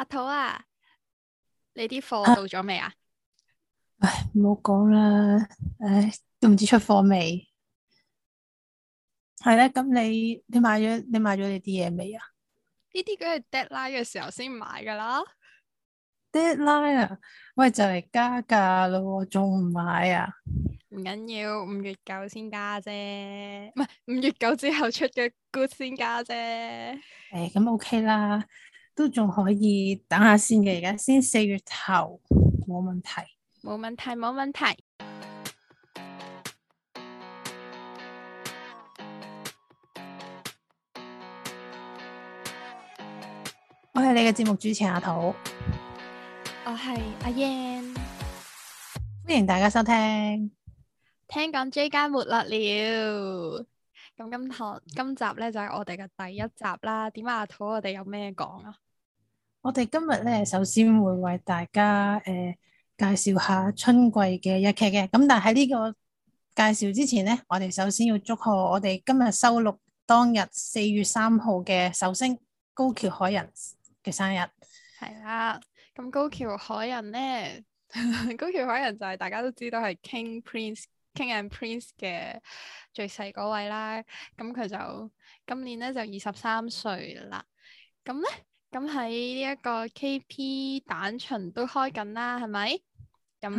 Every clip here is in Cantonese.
阿桃啊，你啲貨到咗未啊？唉，唔好講啦，唉，都唔知出貨未。係咧，咁你你買咗你買咗你啲嘢未啊？呢啲梗係 deadline 嘅時候先買噶啦。deadline 啊？喂，就嚟加價咯，仲唔買啊？唔緊要，五月九先加啫。唔係五月九之後出嘅 good 先加啫。誒，咁 OK 啦。都仲可以等下先嘅，而家先四月頭，冇問題，冇問題冇問題。問題我係你嘅節目主持阿桃，我係阿燕，歡迎大家收聽。聽講 J 家沒落了，咁今趟今集咧就係、是、我哋嘅第一集啦。點，阿桃，我哋有咩講啊？我哋今日咧，首先會為大家誒、呃、介紹下春季嘅日劇嘅。咁但係喺呢個介紹之前咧，我哋首先要祝賀我哋今日收錄當日四月三號嘅壽星高橋海人嘅生日。係啦、啊，咁高橋海人咧， 高橋海人就係、是、大家都知道係 King Prince King and Prince 嘅最細嗰位啦。咁佢就今年咧就二十三歲啦。咁咧。咁喺、嗯、 呢一個 K P 蛋巡都開緊啦，係咪？咁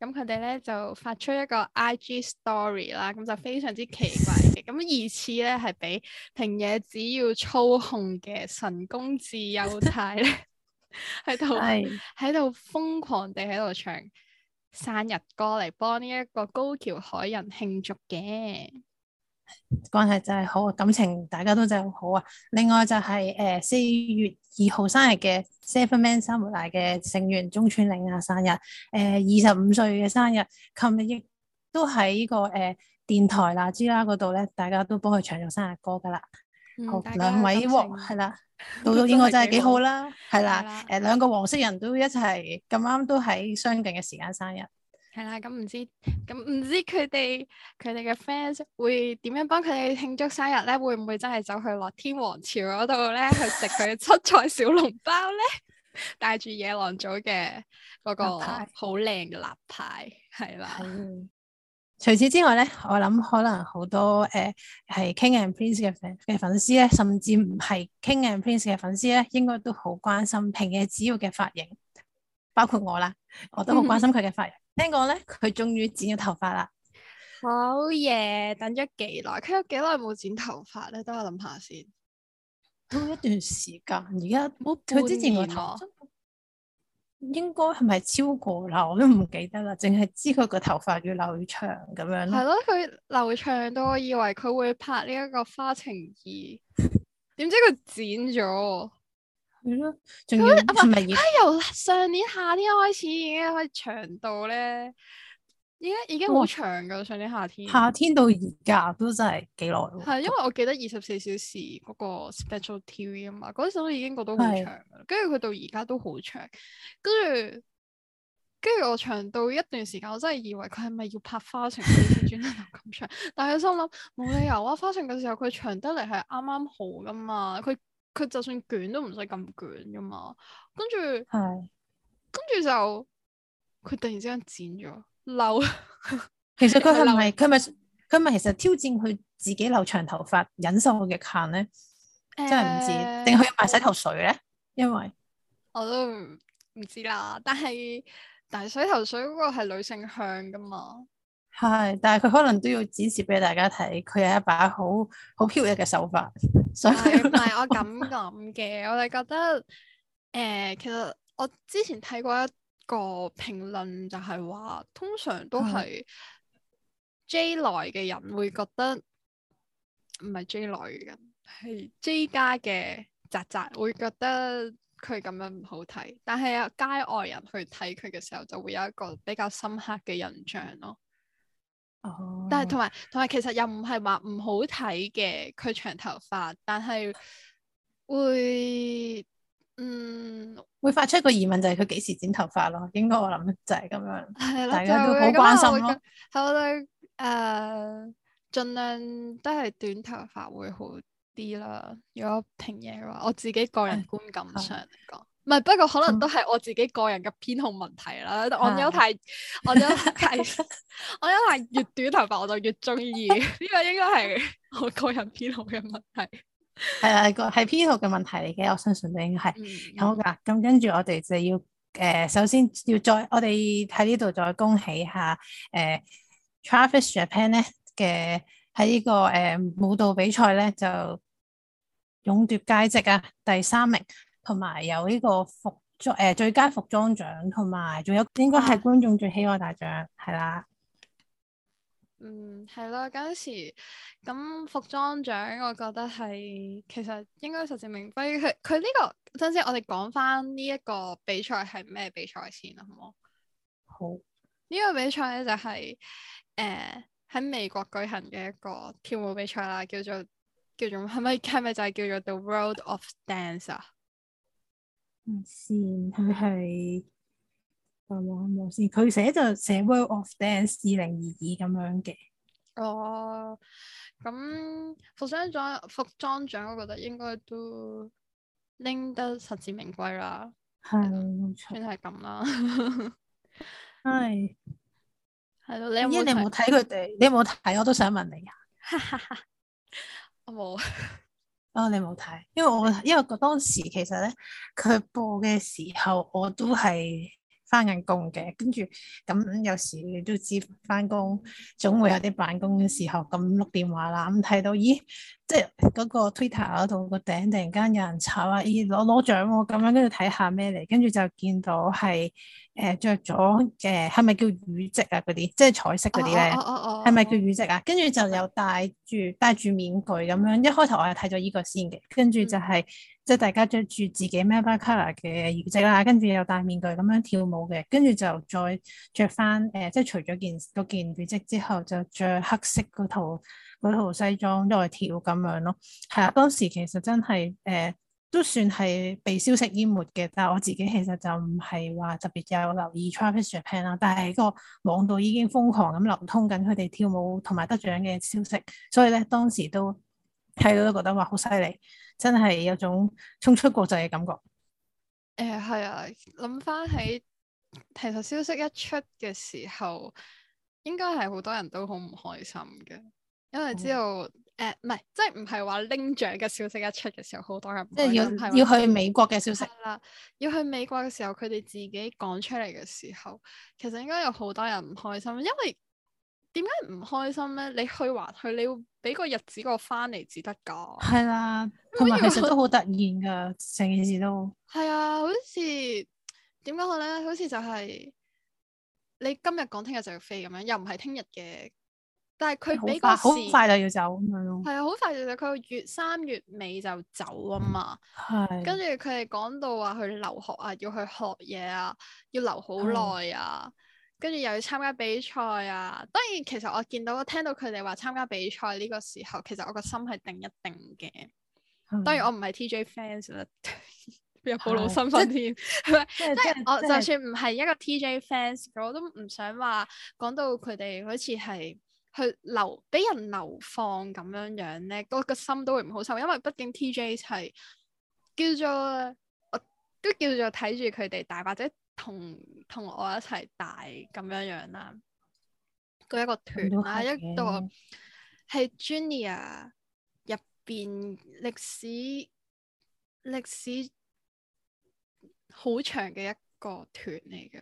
咁佢哋咧就發出一個 I G story 啦，咁就非常之奇怪嘅。咁疑似咧係俾平野紫耀操控嘅神宮寺勇太咧，喺度喺度瘋狂地喺度唱生日歌嚟幫呢一個高橋海人慶祝嘅。關係真係好，感情大家都真係好啊！另外就係誒四月二號生日嘅 Seven Men Samurai 嘅成員中村嶺亞生日，誒二十五歲嘅生日，琴日亦都喺呢、這個誒、呃、電台啦、之啦嗰度咧，大家都幫佢唱咗生日歌噶啦。好，兩位喎，係啦，到呢個真係幾好啦，係啦，誒兩個黃色人都一齊咁啱都喺相近嘅時間生日。係啦，咁唔、嗯、知咁唔、嗯、知佢哋佢哋嘅 fans 會點樣幫佢哋慶祝生日咧？會唔會真係走去樂天皇朝嗰度咧去食佢嘅七彩小籠包咧？帶住野狼組嘅嗰個好靚嘅立牌，係啦、嗯。除此之外咧，我諗可能好多誒係、呃、King and Prince 嘅粉嘅粉絲咧，甚至唔係 King and Prince 嘅粉絲咧，應該都好關心平野紫耀嘅髮型，包括我啦，我都好關心佢嘅髮型。嗯聽講咧，佢終於剪咗頭髮啦！好嘢、oh yeah，等咗幾耐？佢有幾耐冇剪頭髮咧？等我諗下先。都一段時間，而家冇佢之前個頭髮應該係咪超過啦？我都唔記得啦，淨係知佢個頭髮越留越長咁樣咯。係咯，佢留長到我以為佢會拍呢一個花情二，點知佢剪咗。係咯，仲要啊！係要，是由上年夏天開始已經開始長到咧，而家已經好長噶哇上年夏天。夏天到而家都真係幾耐。係，因為我記得二十四小時嗰個 special TV 啊嘛，嗰陣都已經過是到好長，跟住佢到而家都好長，跟住，跟住我長到一段時間，我真係以為佢係咪要拍花城？轉頭就咁長，但係我心諗冇理由啊！花城嘅時候佢長得嚟係啱啱好噶嘛，佢。佢就算捲都唔使咁捲噶嘛，跟住，是跟住就佢突然之間剪咗，嬲。 其實佢係咪佢咪佢咪其實挑戰佢自己留長頭髮忍受嘅極限咧？欸、真係唔知，定係用埋洗頭水咧？因為我都唔知啦，但係但係洗頭水嗰個係女性向噶嘛。係，但係佢可能都要展示俾大家睇，佢有一把好好飄逸嘅秀髮。所以唔係我咁諗嘅，我哋覺得，誒、呃，其實我之前睇過一個評論，就係話，通常都係 J 內嘅人會覺得，唔係 J 內嘅人，係 J 家嘅宅宅會覺得佢咁樣唔好睇，但係啊街外人去睇佢嘅時候，就會有一個比較深刻嘅印象咯。哦，但係同埋同埋，其實又唔係話唔好睇嘅，佢長頭髮，但係會嗯會發出一個疑問，就係佢幾時剪頭髮咯？應該我諗就係咁樣，係咯，大家都好關心咯。好啦誒，uh, 盡量都係短頭髮會好啲啦。如果平嘢嘅話，我自己個人觀感上嚟講。唔係，不過可能都係我自己個人嘅偏好問題啦。嗯、我有為我因為 我因為越短頭髮 我就越鍾意，呢、這個應該係我個人偏好嘅問題。係係個係偏好嘅問題嚟嘅，我相信你應該係、嗯嗯、好㗎。咁跟住我哋就要誒、呃，首先要再我哋喺呢度再恭喜下誒、呃、Travis Japan 咧嘅喺呢、這個誒、呃、舞蹈比賽咧就勇奪佳績啊，第三名。同埋有呢個服裝誒、呃、最佳服裝獎，同埋仲有，還有應該係觀眾最喜愛大獎，係哇啦。嗯，係啦，嗰時咁服裝獎，我覺得係其實應該實至名歸。佢佢呢個，真先我哋講翻呢一個比賽係咩比賽先啦，好冇？好，呢好個比賽咧就係誒喺美國舉行嘅一個跳舞比賽啦，叫做叫做係咪係咪就係叫做 The World of Dance 啊？綫佢係《百老千王》佢寫、啊、就寫《World of Dance》二零二二咁樣嘅。哦，咁服裝獎服裝獎，我覺得應該都拎得實至名歸啦。係，應該係咁啦。係、 哎，係咯。你有冇？因為你冇睇佢哋，你有冇睇，我都想問你。哈哈， 我冇。哦，你冇睇，因為我因為個當時其實咧，佢播嘅時候我都係翻緊工嘅，跟住咁有時你都知翻工總會有啲辦公嘅時候咁碌電話啦，咁睇到咦～即係嗰、那個 Twitter 嗰度個頂，突然間有人炒話咦攞攞獎喎，啊，咁樣跟住睇下咩嚟，跟住就見到係誒著咗誒係咪叫羽織啊嗰啲，即係彩色嗰啲咧，係咪？哦哦哦哦哦、叫羽織啊？跟住就有戴住戴住面具咁樣，一開頭我係睇咗依個先嘅，跟住就係即係大家着住自己 Member Color 嘅羽織啦，跟住又戴面具咁樣跳舞嘅，跟住就再着翻誒，即係除咗件件羽織之後，就着黑色嗰套。嗰套西裝都係跳咁樣咯，係啊！當時其實真係誒、呃，都算係被消息淹沒嘅。但係我自己其實就唔係話特別有留意 Travis Japan 啦，但係個網度已經瘋狂咁流通緊佢哋跳舞同埋得獎嘅消息，所以咧當時都睇到都覺得話好犀利，真係有種衝出國際嘅感覺。誒係、呃、啊！諗翻起其實消息一出嘅時候，應該係好多人都好唔開心嘅。因為知道誒，唔係、哦、欸、即係唔係話拎獎嘅消息一出嘅時候，好多人即係要、嗯、要去美國嘅消息啦。要去美國嘅時候，佢哋自己講出嚟嘅時候，其實應該有好多人唔開心。因為點解唔開心咧？你去還去，你要俾個日子過翻嚟，至得噶。係啦，同埋其實都好突然噶，成件事都係啊。好似點講好咧？好似就係、是、你今日講，聽日就要飛咁樣，又唔係聽日嘅。但係佢比較好快就要走咁樣咯。係啊，好快就走。佢月三月尾就走啊嘛。係。跟住佢哋講到話去留學啊，要去學嘢啊，要留好耐啊，跟住又要參加比賽啊。當然其實我見到聽到佢哋話參加比賽呢個時候，其實我個心係定一定嘅。當然我唔係 TJ fans，邊有暴露身份添？即係即係，我就算唔係一個 TJ fans，我都唔想話講到佢哋好似係。去流俾人流放咁樣樣咧，個、那個心都會唔好受，因為畢竟 TJ 係叫做，我都叫做睇住佢哋大，或者同同我一齊大咁樣樣啦。那個、團一個團啦，一個係 Junior 入邊歷史歷史好長嘅一個團嚟噶，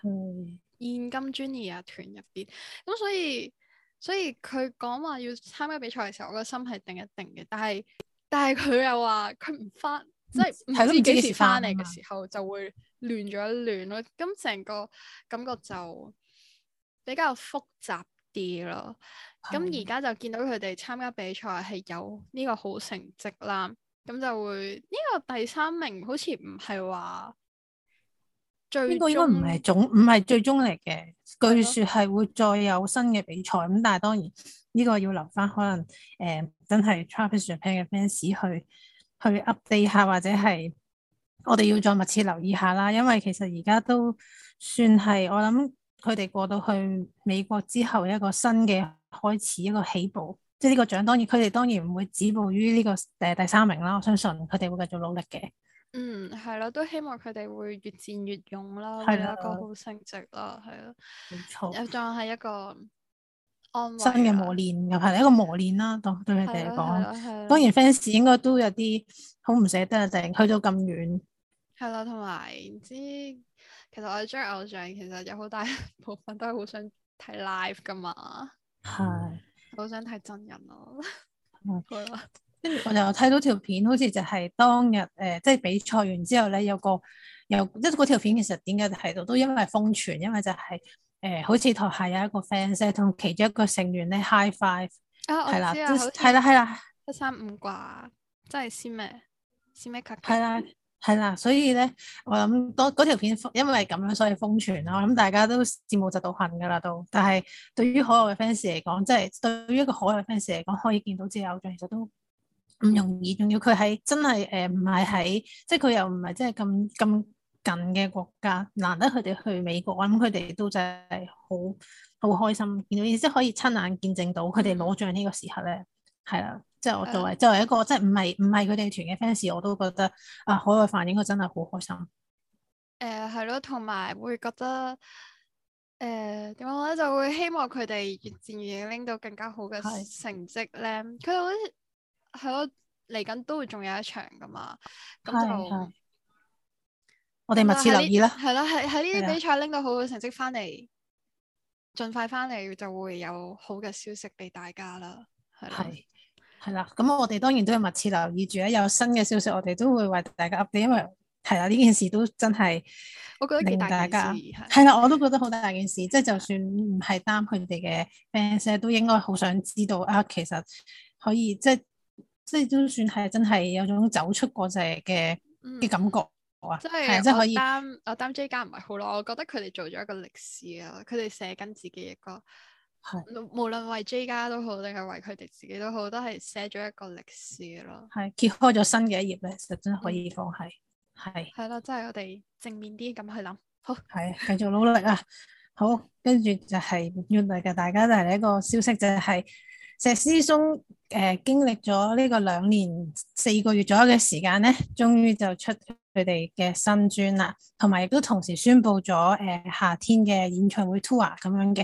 係、嗯、現今 Junior 團入邊，咁所以。所以佢講話要參加比賽嘅時候，我個心係定一定嘅。但係但係佢又話佢唔返，即係唔知幾時返嚟嘅時候就會亂咗一亂咯。咁成個感覺就比較複雜啲咯。咁而家就見到佢哋參加比賽係有呢個好成績啦。咁就會呢、呢個第三名好似唔係話。呢個應該唔係總唔係最終嚟嘅？係嘅。據說係會再有新嘅比賽咁，但係當然呢個要留翻可能誒、呃、真係 Travis Japan 嘅 fans 去去 update 下或者係我哋要再密切留意下啦。因為其實而家都算係我諗佢哋過到去美國之後一個新嘅開始，一個起步。即係呢個獎，當然佢哋當然唔會止步於呢、呢個誒第三名啦。我相信佢哋會繼續努力嘅。嗯，係咯，都希望佢哋會越戰越勇啦，係的一個好成績啦，係咯錯。冇錯。又仲係一個，新嘅磨練，又係、啊、一個磨練啦，對對佢哋嚟講。係當然 fans 應該都有啲好唔捨得啊，就去到咁遠。係咯，同埋唔知，其實我哋追偶像其實有好大部分都係好想睇 live 噶嘛。係的。好想睇真人咯。係 咯、嗯。 我就睇到條片，好似就係當日誒、呃，即係比賽完之後咧，有個有即係嗰條片其實點解睇到都因為瘋傳，因為就係、是、誒、呃，好似台下有一個 fans 同其中一個成員咧 high five，係、啊、啦，係就啦，係啦，一三五掛，即係先咩？先咩級？係啦，係啦，所以咧，我諗當嗰條片因為咁樣，所以瘋傳。咯。我諗大家都羨慕就到恨噶啦，都。但係對於可樂嘅 fans 嚟講，即係對於一個可樂 fans 嚟講，可以見到自己偶像，其實都～唔容易，仲要佢喺真係誒，唔係喺，即係佢又唔係即係咁咁近嘅國家，難得佢哋去美國，咁佢哋都真係好好開心見到即係可以親眼見證到佢哋攞獎呢個時刻咧，係、嗯、啦，即係、嗯、我作為作為一個即係唔係唔係佢哋團嘅 fans，我都覺得啊、呃，海外反映佢真係好開心。誒、呃，係咯，同埋會覺得誒，點樣咧，就會希望佢哋越戰越拎到更加好嘅成績咧。佢是好似。係咯，嚟緊都會仲有一場噶嘛，咁就,的就我哋密切留意啦。係啦，喺喺呢啲比賽拎到好嘅成績翻嚟，盡的快翻嚟就會有好嘅消息俾大家啦。係係啦，咁我哋當然都要密切留意住啦。有新嘅消息我哋都會為大家 update，因為係啦呢件事都真係，我覺得好大件事。係啦，我都覺得好大件事。即係就算唔係擔佢哋嘅 fans，都應該好想知道啊。其實可以即係。即係都算係，真係有種走出嗰隻嘅嘅感覺啊！嗯、是即係即係可以。擔我擔 J 家唔係好耐，我覺得佢哋做咗一個歷史啊。佢哋寫緊自己一個，是無論為 J 家都好，定係為佢哋自己都好，都係寫咗一個歷史咯。係揭開咗新嘅一頁咧，實真可以放氣。係係咯，即係是是我哋正面啲咁去諗。好，係繼續努力啊！ 好，跟住就係原來嘅，大家都係一個消息就係、是。石思松誒、呃，經歷咗呢個兩年四個月左右嘅時間咧，終於就出佢哋嘅新專啦，同埋亦都同時宣布咗誒、呃、夏天嘅演唱會 tour 咁樣嘅。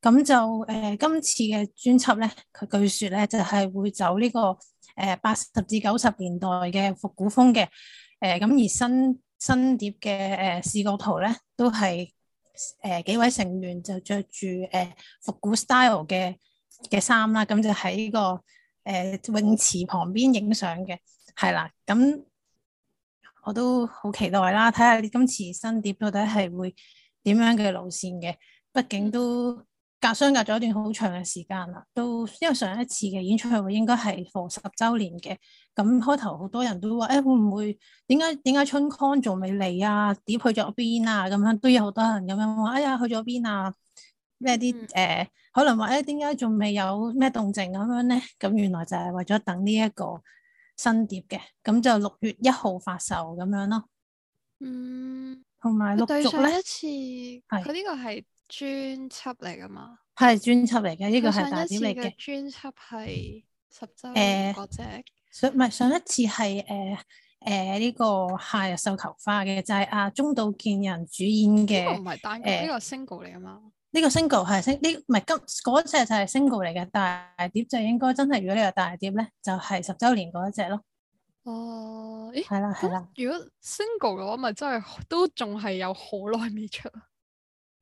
咁、嗯、就誒、呃、今次嘅專輯咧，佢據說咧就係、是、會走呢、這個誒八十至九十年代嘅復古風嘅。誒、呃、咁而新新碟嘅誒視覺圖咧，都係誒、呃、幾位成員就着住誒復古 style 嘅。嘅衫啦，咁就喺個誒、呃、泳池旁邊影相嘅，係啦，咁我都好期待啦，睇下你今次新碟到底係會點樣嘅路線嘅，畢竟都相隔箱隔咗一段好長嘅時間啦，都因為上一次嘅演唱會應該係逢十週年嘅，咁開頭好多人都話，誒、哎、會唔會點解點解春 Con 仲未嚟啊？碟去咗邊啊？咁樣都有好多人咁樣話，哎呀去咗邊啊？咩啲誒，可能話咧，點解仲未有咩動靜咁樣咧？咁原來就係為咗等呢一個新碟嘅，咁就六月一號發售咁樣咯。嗯，同埋六月咧，上一次係佢呢個係專輯嚟噶嘛？係專輯嚟嘅，呢個係大碟嚟嘅。上一次專輯係十周年嗰隻，上唔係上一次係誒誒呢個係夏日繡球花嘅，就係阿中島健人主演嘅，唔係單呢個 single 嚟㗎嘛。呢個 single 係升，呢、那、唔、個、係今嗰隻就係 single 嚟嘅大碟，就應該真係。如果呢個大碟咧，就係十週年嗰隻咯。哦，uh, 咦，係啦係啦。那的如果 single 嘅話，咪真係都仲係有好耐未出。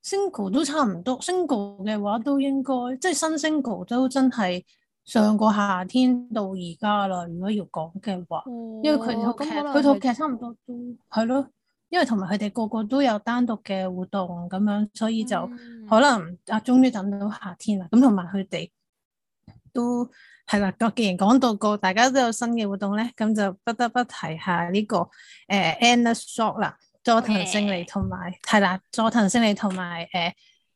single 都差唔多、嗯、，single 嘅話都應該即係、就是、新 single 都真係上個夏天到而家啦。如果要講嘅話，oh, 因為佢套劇，佢套劇差唔多都係咯。因為同埋佢哋個個都有單獨嘅活動咁樣，所以就可能、嗯、啊，終於等到夏天啦。咁同埋佢哋都係啦。咁既然講到個大家都有新嘅活動咧，咁就不得不提下呢、這個誒 Endless SHOCK 啦。佐藤勝利同埋係啦，佐藤勝利同埋誒，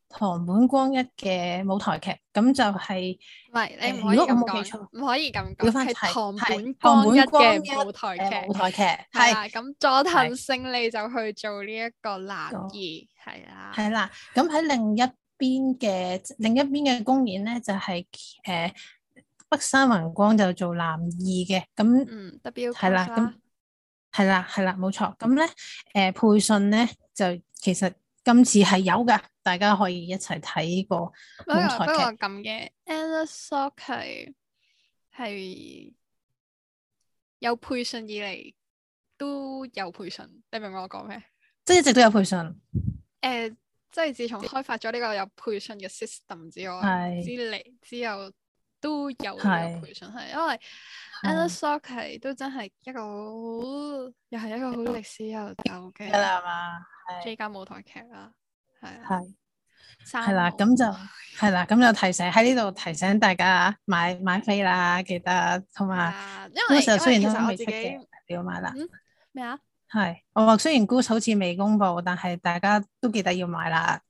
堂本光一嘅舞台劇，咁就係唔係？你唔可以咁講，唔可以咁講，係堂本光一嘅舞台劇。舞台劇係咁佐藤勝利就去做呢一個男二，係啦。係啦，咁喺另一邊嘅另一邊嘅公演咧，就係誒北山宏光就做男二嘅，咁嗯，W 係啦，咁係啦，係啦，冇錯。咁咧，誒配信咧就其實今次係有噶。大家可以一齊睇個舞台劇。咁嘅 Endless SHOCK 係，係有配信，以嚟都有配信，你明唔明我講咩？即係一直都有配信。誒、呃，即係自從開發咗呢個有配信嘅 system 之外是之嚟之後，都有有配信。係是是因為 Endless SHOCK 係都真係一個好，又係一個好歷史悠久嘅啦嘛。係，呢間舞台劇啦、啊。係係係啦，咁毛就係啦，咁就提醒喺呢度提醒大家買買飛啦，記得同埋因嗰時候雖然都未出嘅，要買啦。咩啊、嗯？係我話雖然 Goods 好似未公布，但係大家都記得要買啦。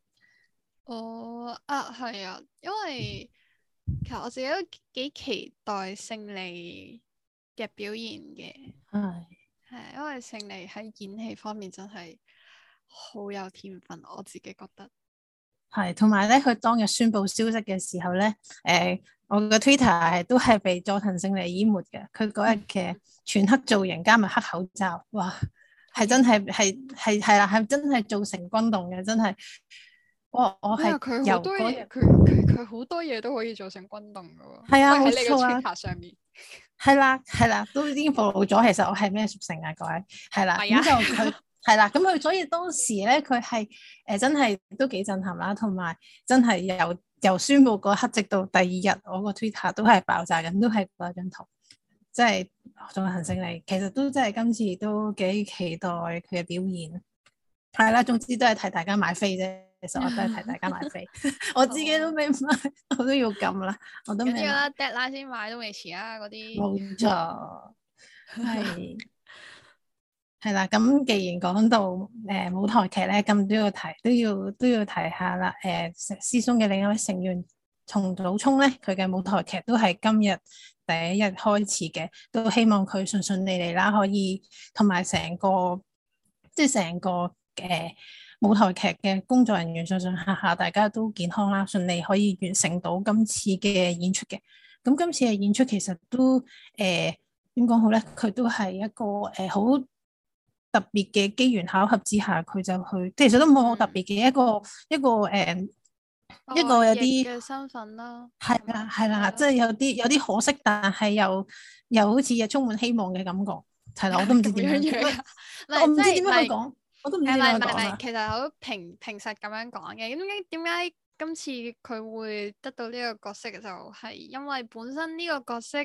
哦啊，係啊，因為其實我自己都幾期待勝利嘅表現嘅。係係、哎，因為勝利喺演戲方面真係。好有天分，我自己覺得係，同埋咧，佢當日宣佈消息嘅時候咧，誒、呃，我嘅 Twitter 都係被佐藤勝利淹沒嘅。佢嗰日嘅全黑造型，加埋黑口罩，哇，係真係，係係係啦，係真係造成轟動嘅，真係。哇！我係佢好多佢佢好多嘢，都可以造成轟動噶。係啊，Twitter 上面係啦係啦，都已經暴露咗。其實我係咩屬性啊？各位係啦，咁、啊啊、就佢。 係啦，咁佢所以當時咧，佢係誒，真係都幾震撼啦，同埋真係由由宣佈嗰刻直到第二日，我個 Twitter 都係爆炸緊，都係嗰張圖，即係仲有行勝利。其實都真係今次都幾期待佢嘅表現。係啦，總之都係替大家買飛啫。其實我都係替大家買飛， 我自己都未買，我都要撳啦。我都買。梗係啦，跌啦先買都未遲啊！嗰啲冇錯，係。 係啦，咁、嗯、既然講到誒、呃、舞台劇咧，咁都要提，都要都要提下啦。誒、呃，師兄嘅另一位成員松島聡咧，佢嘅舞台劇都係今日第一日開始嘅，都希望佢順順利利啦，可以同埋成個即係成個誒、呃、舞台劇嘅工作人員上上下下，大家都健康啦，順利可以完成到今次嘅演出嘅。咁今次嘅演出其實都誒點講好咧？佢都係一個誒好。呃特別嘅機緣巧合之下，佢就去，其實都冇好特別嘅、嗯、一個一個誒，一個、哦、有啲點身份咯、啊。係啦、啊，係啦、啊，即係、啊、有啲有啲可惜，但係又又好似又充滿希望嘅感覺。係啦、嗯啊，我都唔知點樣樣， 是我唔知點樣去講，是我都唔知點樣其實好平平實咁樣講嘅，點解點解今次佢會得到呢個角色，就係、是、因為本身呢個角色。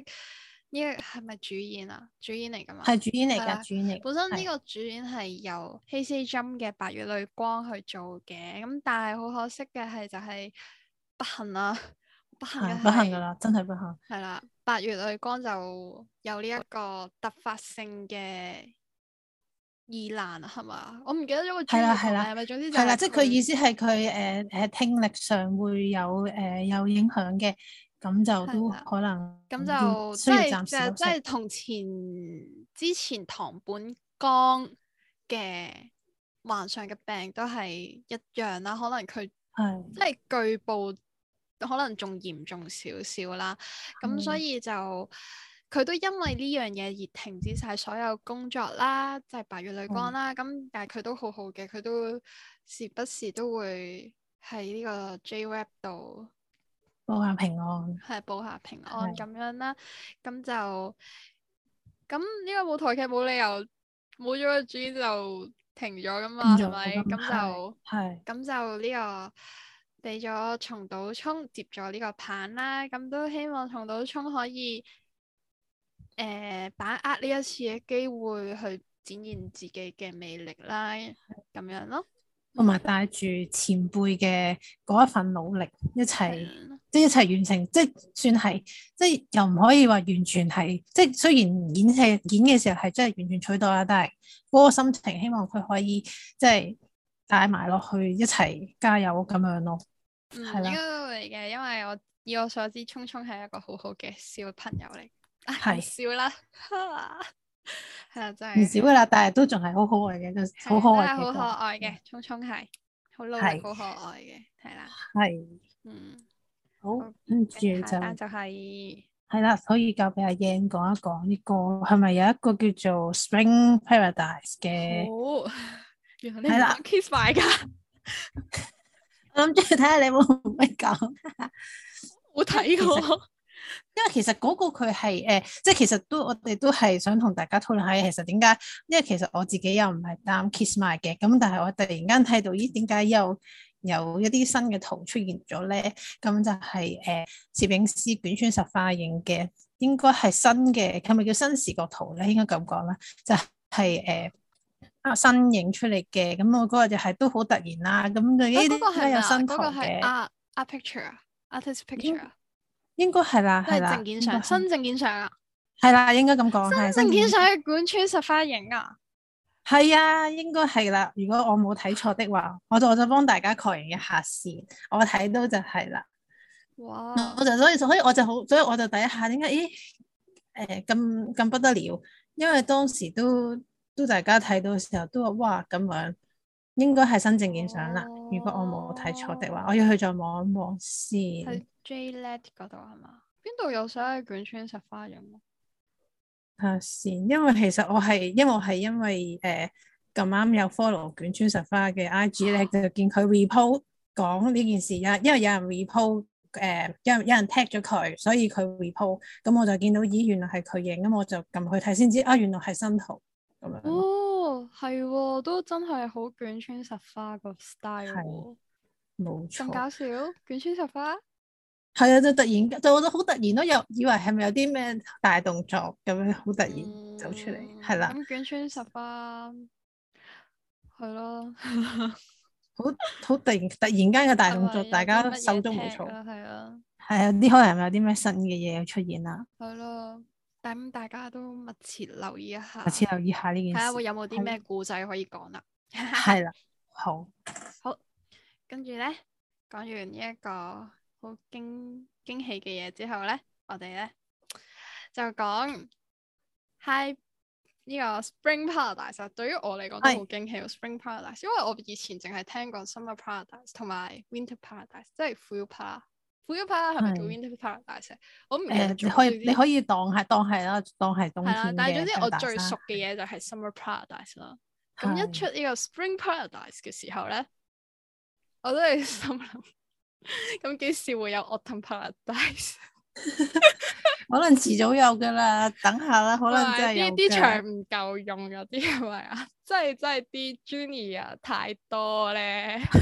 呢個係咪主演啊？主演嚟噶嘛？係主演嚟噶， 主演嚟。本身呢個主演係由 Hey! Say! JUMP 嘅《八乙女光》去做嘅，咁的但係好可惜嘅係就係不幸啦、啊， 不幸不幸噶啦，真係不幸。係啦，《八乙女光》就有呢一個突發性嘅疑難啊，係嘛？我唔記得咗個主的。係啦係啦，咪總之就係啦，即係佢意思係佢誒誒聽力上會有誒、呃、有影響嘅。咁就都可能就，咁就即係就即係同前之前堂本剛嘅患上嘅病都係一樣啦。可能佢的即係據報可能仲嚴重少少啦。咁、嗯、所以就佢都因為呢樣嘢而停止晒所有工作啦，即、就、係、是、白月女光啦。咁、嗯、但係佢都好好嘅，佢都時不時都會喺呢個 J Web 度。We 報下平安，係報下平安咁的樣啦。咁就咁呢個舞台劇冇理由冇咗個主演就停咗㗎嘛，係咪？咁就係咁就呢、這個俾咗松島聰接咗呢個棒啦。咁都希望松島聰可以誒、呃、把握呢一次嘅機會去展現自己嘅魅力啦，係咁的樣咯。同埋帶住前輩嘅嗰一份努力，一齊的即係一齊完成，即係算係，即係又唔可以話完全係，即係雖然演戲演嘅時候係真係完全取代啦，但係嗰個心情，希望佢可以即係帶埋落去一齊加油咁樣咯。嗯，應該會嘅，因為我以我所知，聰聰係一個好好嘅小朋友嚟，係的笑啦了。 係啦，真係唔少噶啦，但係都仲係好可愛嘅，好可愛，好可愛嘅，聰聰係好老，好可愛嘅，係啦，係，嗯，好，跟住就就係係啦，可以教俾阿 Young 講一講呢個係咪有一個叫做 Spring Paradise 嘅？好，然後呢？係啦，Kis-My 噶，我諗住睇下你有冇唔會講，我睇過。因為其實嗰個佢係誒，即係其實都我哋都係想同大家討論下其實點解？因為其實我自己又唔係擔 kiss 賣嘅，咁但係我突然間睇到咦，點解又有一啲新嘅圖出現咗咧？咁就係誒，攝影師卷穿實化影嘅，應該係新嘅，係咪叫新視角圖咧？應該咁講啦，就係誒，新影出嚟嘅。咁我嗰日就係都好突然啦，咁嘅呢啲都係有新圖嘅。應該係啦，係啦，證件上新證件上啊，係啦，應該咁講。新證件上管穿十花影啊，係啊，應該係啦。如果我冇睇錯的話，我就再幫大家確認一下先，我睇到就係啦。哇！我就所以所以，我就好所以我就睇一下，點解咦？誒、欸，咁咁不得了，因為當時都都大家睇到嘅時候，都話哇咁樣。應該係新證件相啦，哦、如果我冇睇錯的話，我要去再望一望先。喺 Jlet 度係嘛？邊度有寫蜷川実花影？啊，先，因為其實我係，因為我係因為誒咁啱有 follow 蜷川実花嘅 IG 咧、啊，就見佢 report 講呢件事啊，因為有人 report 誒、呃，有有人 tag 咗佢，所以佢 report，咁、嗯、我就見到咦，原來係佢影，咁、嗯、我就撳去睇先知啊，原來係新圖咁樣。嗯係、哦，都真係好卷穿實花個 style，冇錯。咁搞笑，卷穿實花。係啊，就突然，就好突然咯，嗯，又以為係咪有啲咩大動作咁樣，好突然走出嚟，係啦。咁卷穿實花，係咯，好好突然，突然間嘅大動作，大家手足無措，係啊，係啊，啲可能係咪有啲咩新嘅嘢出現啦？係咯。Tamam 咁大家都密切留意一下，密切留意下呢件事，係啊，有冇啲咩故仔可以講啦？係啦的， 好，好，跟住咧，講完呢一個好驚驚喜嘅嘢之後咧，我哋咧就講係呢個 Spring Paradise 對。對於我嚟講都好驚喜，Spring Paradise，因為我以前淨係聽過 Summer Paradise 同埋 Winter Paradise，即係 Full Paradise。Winter Paradise，、欸、我唔做。你可以你可以當係當係啦，當係冬天嘅、啊。但係總之我最熟嘅嘢就係 Summer Paradise 啦。咁是一出呢個 Spring Paradise 嘅時候咧，我都係心諗，咁 幾時會有 Autumn Paradise？ 可能遲早有噶啦，等下啦，可能真係有的。啲、哎、場唔夠用啊！啲係咪啊？即 係即係啲 Junior 太多咧。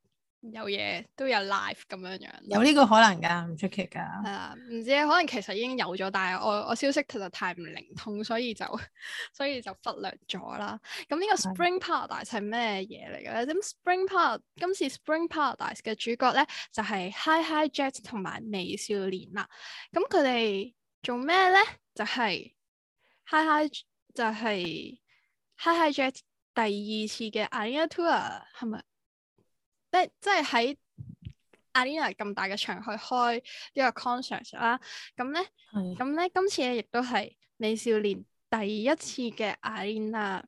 有嘢都有 life 咁樣樣，有呢個可能噶，唔出奇噶。係啊，唔知可能其實已經有咗，但係我我消息其實太唔靈通，所以就所以就忽略咗啦。咁呢個 Spring Paradise 係咩嘢嚟嘅咧？咁 Spring Par，今次 Spring Paradise 嘅主角咧就係、是、Hi Hi Jets 同埋美少年啦。咁佢哋做咩咧？就係、是、Hi Hi，就係 Hi Hi Jets 第二次嘅 Arena Tour 係咪？即係喺 Arena 咁大嘅場去開個、啊、呢個 concert 啦，咁咧，咁 咧樂今次咧亦都係美少年第一次嘅 Arena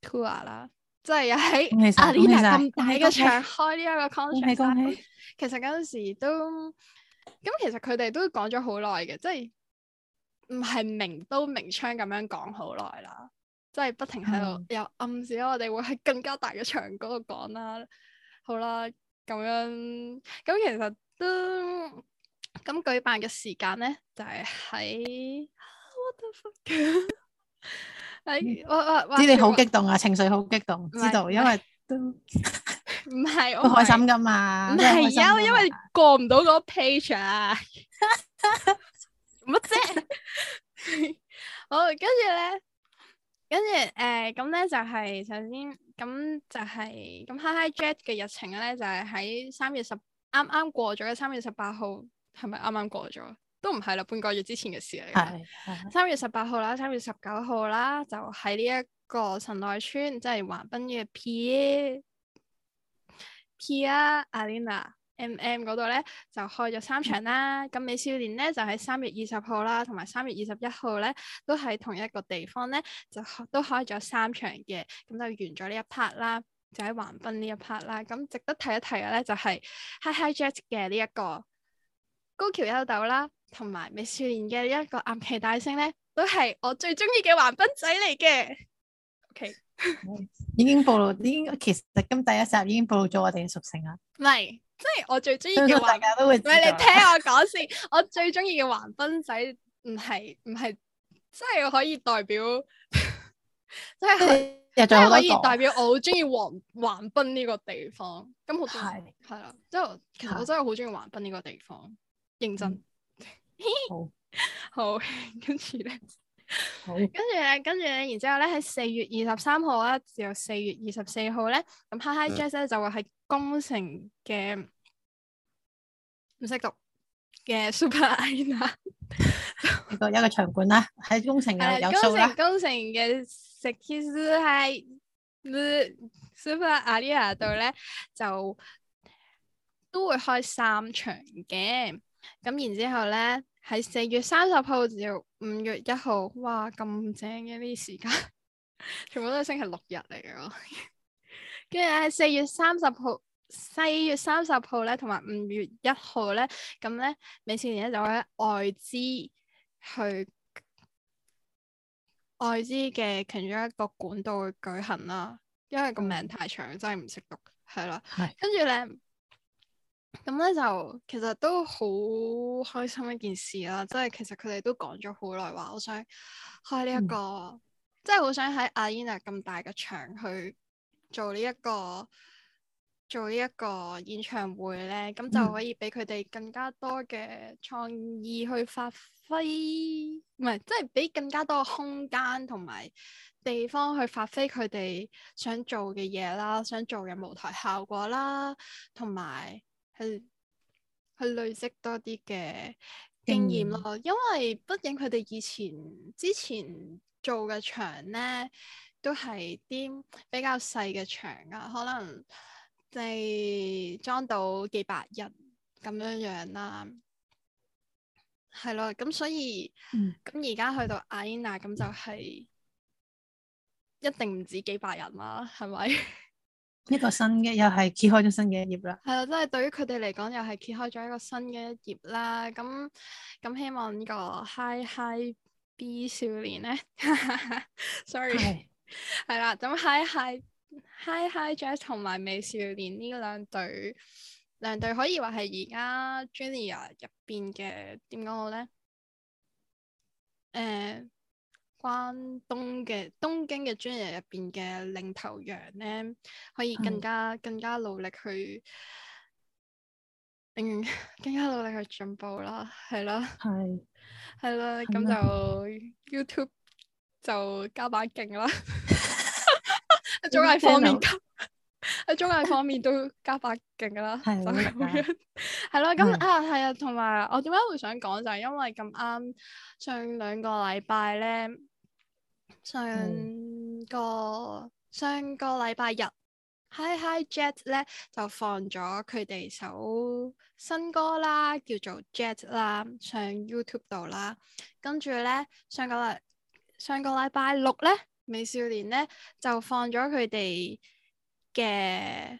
tour 啦，即係喺 Arena 咁大嘅場開呢一個 concert 啦、啊。其實嗰陣時都，咁其實佢哋都講咗好耐嘅，即係唔係明刀明槍咁樣講好耐啦，即、就、係、是、不停喺度又暗示我哋會喺更加大嘅場嗰度講啦。好啦，咁樣咁其實都咁舉辦嘅時間咧，就係喺 what the fuck？喺我我知你好激動啊，情緒好激動，知道因為都唔係，好開心噶嘛？唔係啊，因為過唔到嗰個 page 啊，乜啫？好，跟住咧，跟住誒，咁咧就係首先。咁、嗯、就係、是、咁、嗯、HiHi Jet 嘅日程咧，就係喺三月十啱啱過咗嘅三月十八號，係咪啱啱過咗？都唔係啦，半個月之前嘅事嚟嘅。三月十八號啦，三月十九號啦，就喺呢一個神奈川，即係橫濱嘅 Pia，啊 Arena M M 嗰度咧就開咗三場啦，咁《美少年》呢咧就喺三月二十號啦，同埋三月二十一號咧都喺同一個地方咧就開都開咗三場嘅，咁就完咗呢一 part 啦，就喺橫濱呢一 part 啦。咁值得睇一睇嘅咧就係、是、Hi Hi Jets 嘅呢一個高橋優斗啦，同埋《美少年》嘅一個岩崎大昇咧都係我最中意嘅橫濱仔嚟嘅。O、okay. K， 已經暴露，已經其實今第一集已經暴露咗我哋嘅屬性啦。咪。Right. 即係我最中意嘅環，唔係 你聽我講先。 我最中意嘅橫濱仔唔係唔係，即係可以代表， 即係是係 即係可以代表我好中意橫橫濱呢個地方。咁好多係係啦，的的即係其實我真係好中意橫濱呢個地方，認真好、 嗯、好，跟住咧。跟住咧，跟住咧，然之後咧，喺四月二十三號啦，到四月二十四號咧，咁 Hi Hi Jazz 咧就會喺宮城嘅，唔識讀嘅 Super Arena 一個一個場館啦，喺宮城嘅有數啦，宮城嘅 Sekisui Heim 嘅 Super Arena 度咧就都會開三場嘅，咁然之後咧。喺四月三十號至五月一號，哇咁正嘅啲時間，全部都係星期六日嚟嘅。跟住咧，四月三十號、四月三十號咧，同埋五月一號咧，咁咧美少年咧就會喺外資去外資嘅其中一個管道舉行啦。因為個名太長，真係唔識讀。係啦，是跟住咧。咁咧、嗯、就其實都好開心一件事啦，即係其實佢哋都講咗好耐話，好想開呢、這、一個，即係好想喺 Arena 咁大嘅場去做，、這個、做場呢一個做呢一個演唱會咧，咁就可以俾佢哋更加多嘅創意去發揮，唔係、嗯、即係俾更加多嘅空間同埋地方去發揮佢哋想做嘅嘢啦，想做嘅舞台效果啦，同埋。去去累積多啲嘅經驗咯，嗯、因為畢竟佢哋以前之前做嘅場咧，都係啲比較細嘅場啊，可能即係裝到幾百人咁樣樣、啊、啦。係咯，咁所以咁而家去到 Arena 咁就係一定唔止幾百人啦，係咪？一個新嘅又係揭開咗新嘅一頁啦，係啦、啊，即係對於佢哋嚟講又係揭開咗一個新嘅一頁啦。咁咁希望呢個 Hi Hi B 少年咧 ，sorry，係啦，咁 Hi Hi Hi Hi Jazz 同埋美少年呢兩隊，兩隊可以話係而家 Junior 入邊嘅點講好咧？誒，uh。關東嘅東京嘅專業入邊嘅領頭羊咧，可以更加的更加努力去，嗯，更加努力去進步啦，係啦，係係啦，咁就的 YouTube 就加把勁啦，仲 係方面喺綜藝方面都加把勁噶啦，就咁樣，係咯。咁、嗯、啊，係啊。同埋我點解會想講就係因為咁啱上兩個禮拜咧，上個上個禮拜日，Hi Hi Jet 咧就放咗佢哋首新歌啦，叫做 Jet 啦，上 YouTube 度啦。跟住咧上個禮上個禮拜六咧，美少年咧就放咗佢哋。嘅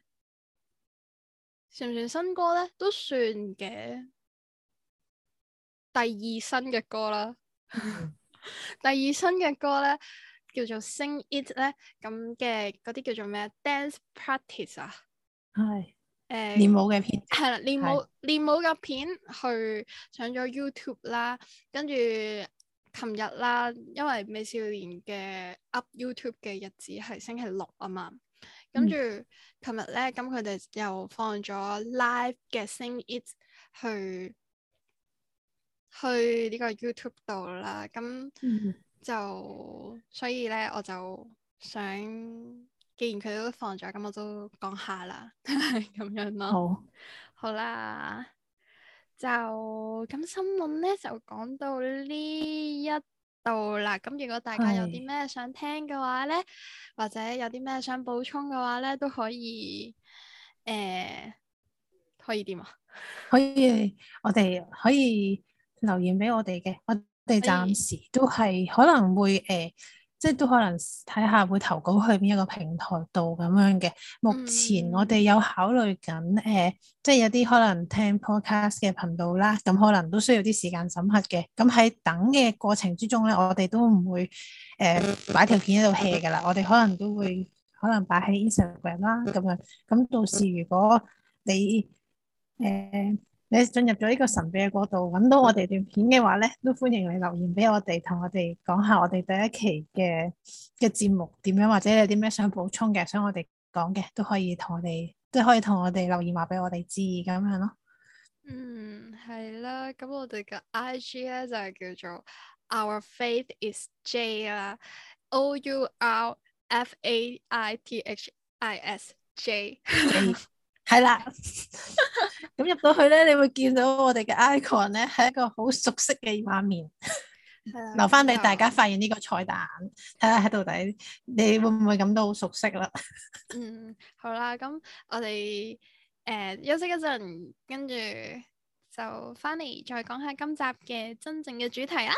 算唔算新歌咧？都算嘅，第二新嘅歌啦。 第二新嘅歌咧，叫做《Sing It》咧，咁嘅嗰啲叫做咩？《Dance Practice》啊，係誒練舞嘅片係啦，練舞練的舞嘅片去上咗 YouTube 啦，跟住琴日啦，因為美少年嘅 Up YouTube 嘅日子係星期六啊嘛。跟住，琴日咧，咁佢哋又放咗 live 嘅 sing it 去去呢個 YouTube 度啦。咁就、嗯、所以咧，我就想，既然佢都放咗，咁我都講下啦，咁 樣咯了。好，好啦，就咁新聞咧，就講到呢一。到啦，咁如果大家有啲咩想聽嘅話咧，是或者有啲咩想補充嘅話咧，都可以，誒、呃，可以點啊？可以，我哋可以留言俾我哋嘅，我哋暫時都係可能會誒。呃即係都可能睇下會投稿去邊一個平台度咁樣嘅。目前我哋有考慮緊誒，即係有啲可能聽 podcast 嘅頻道啦，咁可能都需要啲時間審核嘅。咁喺等嘅過程之中咧，我哋都唔會誒擺條片喺度 hea 㗎啦。我哋可能都會可能擺喺 Instagram 啦咁樣。咁到時如果你誒。呃你進入咗呢個神秘嘅國度，揾到我哋段片嘅話咧，都歡迎你留言俾我哋，同我哋講下我哋第一期嘅嘅節目點樣，或者你有啲咩想補充嘅，想我哋講嘅，都可以同我哋，都可以同我哋留言話俾我哋知咁樣咯。嗯，係啦，咁我哋嘅 I G 咧就係叫做 Our Faith Is J 啊，O U R F A I T H I S J。J. 係啦，咁入到去咧，你會見到我哋嘅 icon 咧，係一個好熟悉嘅畫面。係 留翻俾大家發現呢個彩蛋，睇下喺到底你會唔會感到好熟悉啦。 嗯，好啦，咁我哋誒、呃、休息一陣，跟住就翻嚟再講下今集嘅真正嘅主題啦。